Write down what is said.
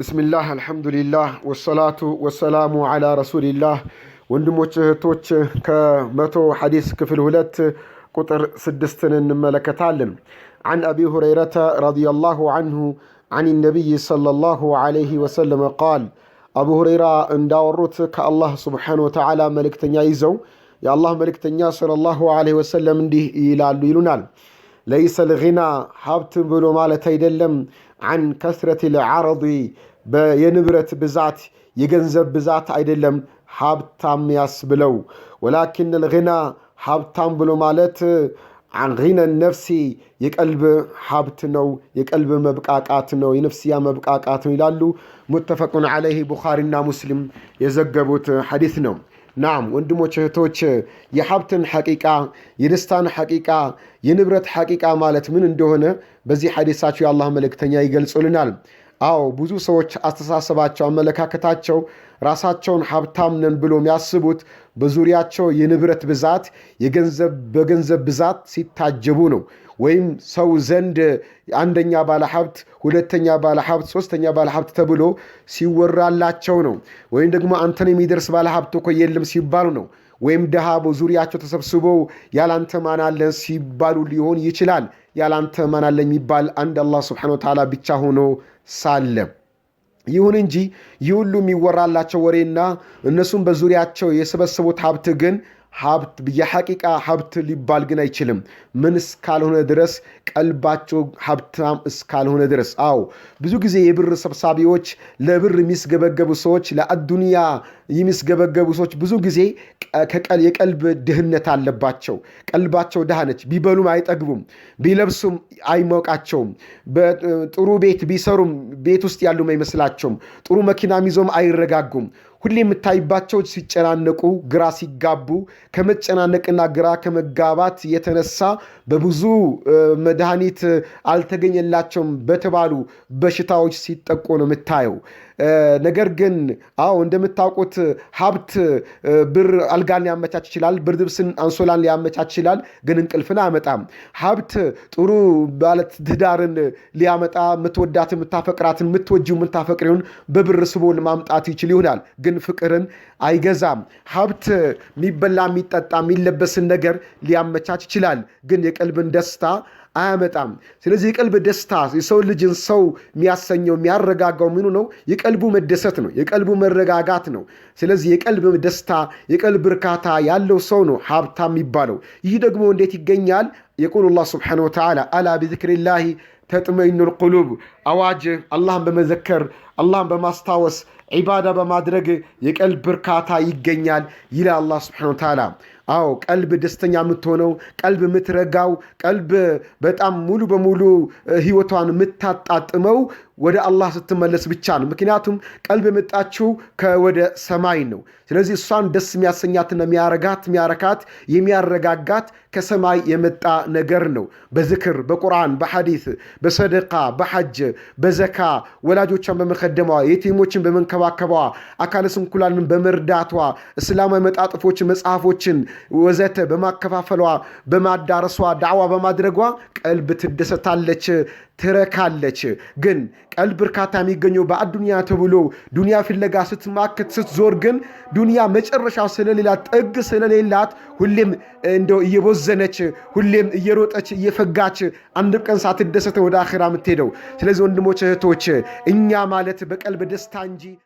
ብስሚላህ አልሐምዱሊላህ ወሰላቱ ወሰላሙ ዓላ ረሱሊላህ። ወንድሞች እህቶች፣ ከመቶ ሐዲስ ክፍል ሁለት ቁጥር ስድስትን እንመለከታለን። عن አቢ ሁረይረተ رضي الله عنه عن النبي صلى الله عليه አቡ ሁረይራ እንዳወሩት ከአላህ ስብሓን ወተዓላ መልእክተኛ ይዘው የአላህ መልእክተኛ ሰለላሁ ዐለይሂ ወሰለም እንዲህ ይላሉ ይሉናል ለይሰል ጊና ሀብት ብሎ ማለት አይደለም። አን ከስረት ልዓረዲ የንብረት ብዛት የገንዘብ ብዛት አይደለም ሀብታም ያስብለው። ወላኪን ልጊና ሀብታም ብሎ ማለት ጊነ ነፍሲ የቀልብ ሀብት ነው፣ የቀልብ መብቃቃት ነው፣ የነፍስያ መብቃቃት ነው ይላሉ። ሙተፈቁን ዓለይህ ቡኻሪና ሙስሊም የዘገቡት ሐዲስ ነው። ናም ወንድሞች እህቶች፣ የሀብትን ሐቂቃ የደስታን ሐቂቃ የንብረት ሐቂቃ ማለት ምን እንደሆነ በዚህ ሐዲሳቸው የአላህ መልእክተኛ ይገልጹልናል። አዎ ብዙ ሰዎች አስተሳሰባቸው፣ አመለካከታቸው ራሳቸውን ሀብታም ነን ብሎ የሚያስቡት በዙሪያቸው የንብረት ብዛት የገንዘብ በገንዘብ ብዛት ሲታጀቡ ነው። ወይም ሰው ዘንድ አንደኛ ባለሀብት፣ ሁለተኛ ባለሀብት፣ ሶስተኛ ባለሀብት ተብሎ ሲወራላቸው ነው። ወይም ደግሞ አንተን የሚደርስ ባለሀብት እኮ የለም ሲባሉ ነው። ወይም ድሃ በዙሪያቸው ተሰብስበው ያላንተ ማን አለን ሲባሉ ሊሆን ይችላል። ያላንተ ማን አለ የሚባል አንድ አላህ ስብሐነ ወተዓላ ብቻ ሆኖ ሳለ ይሁን እንጂ ይህ ሁሉ የሚወራላቸው ወሬና እነሱም በዙሪያቸው የሰበሰቡት ሀብት ግን ሀብት የሐቂቃ ሀብት ሊባል ግን አይችልም። ምን እስካልሆነ ድረስ ቀልባቸው ሀብታም እስካልሆነ ድረስ። አዎ ብዙ ጊዜ የብር ሰብሳቢዎች፣ ለብር የሚስገበገቡ ሰዎች ለአዱንያ የሚስገበገቡ ሰዎች ብዙ ጊዜ የቀልብ ድህነት አለባቸው። ቀልባቸው ድሃ ነች። ቢበሉም አይጠግቡም፣ ቢለብሱም አይሞቃቸውም። ጥሩ ቤት ቢሰሩም ቤት ውስጥ ያሉም አይመስላቸውም። ጥሩ መኪናም ይዞም አይረጋጉም። ሁሌ የምታይባቸው ሲጨናነቁ፣ ግራ ሲጋቡ፣ ከመጨናነቅና ግራ ከመጋባት የተነሳ በብዙ መድኃኒት አልተገኘላቸውም በተባሉ በሽታዎች ሲጠቁ ነው የምታየው። ነገር ግን አዎ እንደምታውቁት ሀብት ብር አልጋን ሊያመቻች ይችላል፣ ብርድ ልብስን አንሶላን ሊያመቻች ይችላል፣ ግን እንቅልፍን አያመጣም። ሀብት ጥሩ ባለት ትዳርን ሊያመጣ የምትወዳት የምታፈቅራትን የምትወጂው የምታፈቅሪውን በብር ስቦ ማምጣት ይችል ይሆናል፣ ግን ፍቅርን አይገዛም። ሀብት የሚበላ የሚጠጣ የሚለበስን ነገር ሊያመቻች ይችላል፣ ግን የቀልብን ደስታ አያመጣም። ስለዚህ የቀልብ ደስታ የሰው ልጅን ሰው የሚያሰኘው የሚያረጋጋው ምኑ ነው? የቀልቡ መደሰት ነው። የቀልቡ መረጋጋት ነው። ስለዚህ የቀልብ ደስታ የቀልብ እርካታ ያለው ሰው ነው ሀብታም የሚባለው። ይህ ደግሞ እንዴት ይገኛል? የቁል ላ ስብሓነሁ ወተዓላ አላ ቢዝክሪላሂ ተጥመኢኑል ቁሉብ። አዋጅ አላህን በመዘከር አላህን በማስታወስ ዒባዳ በማድረግ የቀልብ እርካታ ይገኛል ይላ አላህ ስብሓነሁ ወተዓላ። አዎ ቀልብ ደስተኛ የምትሆነው ቀልብ የምትረጋው ቀልብ በጣም ሙሉ በሙሉ ህይወቷን የምታጣጥመው ወደ አላህ ስትመለስ ብቻ ነው። ምክንያቱም ቀልብ የመጣችው ከወደ ሰማይ ነው። ስለዚህ እሷን ደስ የሚያሰኛትና የሚያረጋት የሚያረካት የሚያረጋጋት ከሰማይ የመጣ ነገር ነው። በዝክር፣ በቁርአን፣ በሐዲስ፣ በሰደቃ፣ በሐጅ፣ በዘካ ወላጆቿን በመከደሟ፣ የቲሞችን በመንከባከቧ፣ አካለ ስንኩላንን በመርዳቷ፣ እስላማዊ መጣጥፎችን፣ መጽሐፎችን ወዘተ በማከፋፈሏ፣ በማዳረሷ፣ ዳዕዋ በማድረጓ ቀልብ ትደሰታለች፣ ትረካለች ግን ቀልብ እርካታ የሚገኘው በአዱንያ ተብሎ ዱንያ ፍለጋ ስትማክት ስትዞር ግን ዱንያ መጨረሻ ስለሌላት ጥግ ስለሌላት ሁሌም እንደው እየቦዘነች ሁሌም እየሮጠች እየፈጋች አንድ ቀን ሳትደሰተ ወደ አኼራ የምትሄደው። ስለዚህ ወንድሞች እህቶች፣ እኛ ማለት በቀልብ ደስታ እንጂ